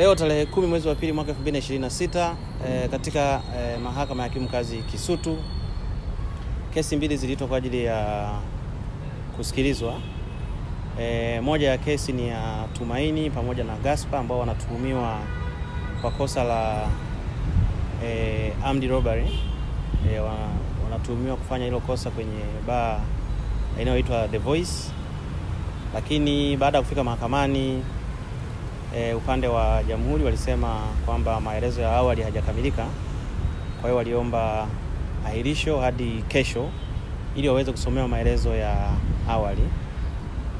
Leo tarehe kumi mwezi wa pili mwaka 2026 eh, katika eh, mahakama ya hakimu mkazi Kisutu kesi mbili ziliitwa kwa ajili ya kusikilizwa. E, moja ya kesi ni ya Tumaini pamoja na Gaspar ambao wanatuhumiwa kwa kosa la e, armed robbery e, wanatuhumiwa kufanya hilo kosa kwenye baa inayoitwa The Voice, lakini baada ya kufika mahakamani e, upande wa jamhuri walisema kwamba maelezo ya awali hajakamilika, kwa hiyo waliomba ahirisho hadi kesho ili waweze kusomewa maelezo ya awali.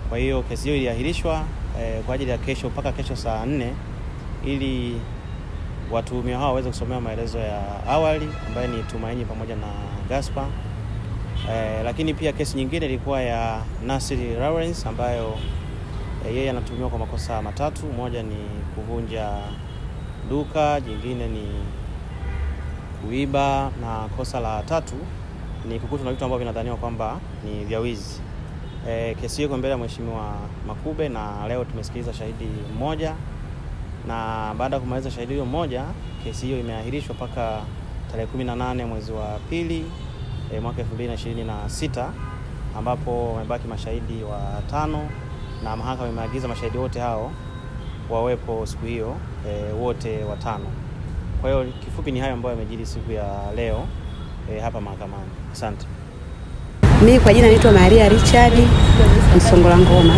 Kwa hiyo kesi hiyo iliahirishwa e, kwa ajili ya kesho mpaka kesho saa nne ili watuhumiwa hao waweze kusomewa maelezo ya awali ambayo ni Tumaini pamoja na Gaspar. E, lakini pia kesi nyingine ilikuwa ya Nasir Lawrence ambayo Eh, yeye anatuhumiwa kwa makosa matatu, moja ni kuvunja duka, jingine ni kuiba na kosa la tatu ni kukutwa na vitu ambavyo vinadhaniwa kwamba ni vya wizi. E, kesi hiyo iko mbele ya Mheshimiwa Makube na leo tumesikiliza shahidi mmoja, na baada ya kumaliza shahidi huyo mmoja, kesi hiyo imeahirishwa mpaka tarehe 18 mwezi wa pili e, mwaka 2026 ambapo wamebaki mashahidi watano na mahakama imeagiza mashahidi wote hao wawepo siku hiyo e, wote watano. Kwa hiyo kifupi ni hayo ambayo yamejiri siku ya leo e, hapa mahakamani. Asante. Mimi kwa jina naitwa Maria Richard Msongola Ngoma,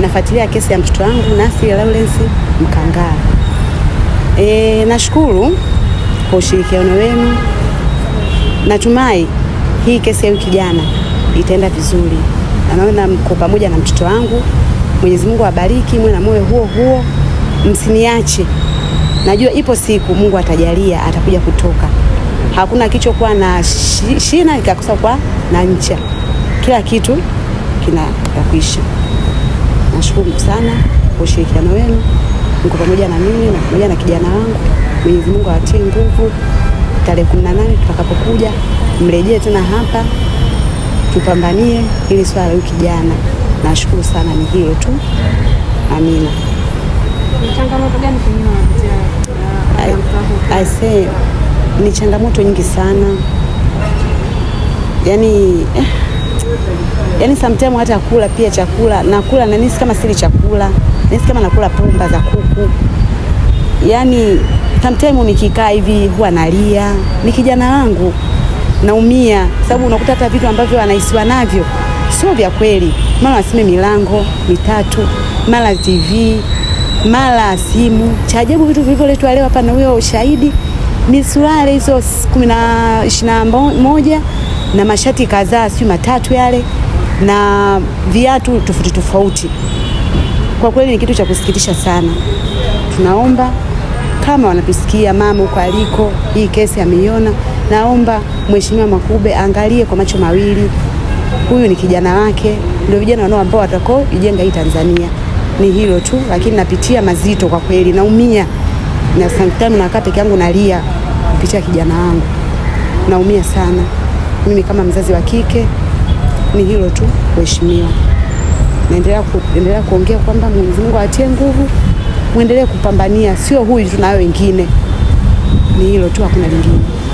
nafuatilia kesi ya mtoto wangu Nasir Lawrence Mkangaa. E, nashukuru kwa ushirikiano wenu. Natumai hii kesi ya wiki jana itaenda vizuri anaona mko pamoja na mtoto wangu. Mwenyezi Mungu awabariki, mwe na moyo huo huo, msiniache. Najua ipo siku Mungu atajalia atakuja kutoka. Hakuna kichokuwa na shina ikakosa kwa na ncha, kila kitu kuisha. Nashukuru sana kwa ushirikiano wenu, mko pamoja na mimi na pamoja na kijana wangu. Mwenyezi Mungu awatie nguvu. Tarehe kumi na nane tutakapokuja mrejee tena hapa tupambanie hili swala huyu kijana. Nashukuru sana, ni hiyo tu. Amina. Changamoto gani uh, Ni changamoto nyingi sana yaani eh, yaani sometimes hata kula pia chakula nakula na nisi kama sili chakula nisi kama nakula pumba za kuku. Yaani sometimes nikikaa hivi huwa nalia, ni kijana wangu naumia, sababu unakuta hata vitu ambavyo anahisiwa navyo sio vya kweli. Mara asime milango mitatu, mara TV, mara simu. Cha ajabu vitu vilivyoletwa leo hapa na huyo ushahidi ni suruali hizo kumi na ishirini na moja na mashati kadhaa, sio matatu yale na viatu tofauti tofauti. Kwa kweli ni kitu cha kusikitisha sana. Tunaomba kama wanatusikia mama huko aliko, hii kesi ameiona Naomba Mheshimiwa Makube angalie kwa macho mawili, huyu ni kijana wake, ndio vijana wanao ambao watakao ijenga hii Tanzania. Ni hilo tu, lakini napitia mazito kwa kweli, naumia na sometimes nakaa peke yangu nalia kupitia kijana wangu, naumia sana mimi kama mzazi wa kike. Ni hilo tu mheshimiwa, naendelea kuendelea kuongea kwamba Mwenyezi Mungu atie nguvu, muendelee kupambania, sio huyu, tunayo wengine. Ni hilo tu, hakuna lingine.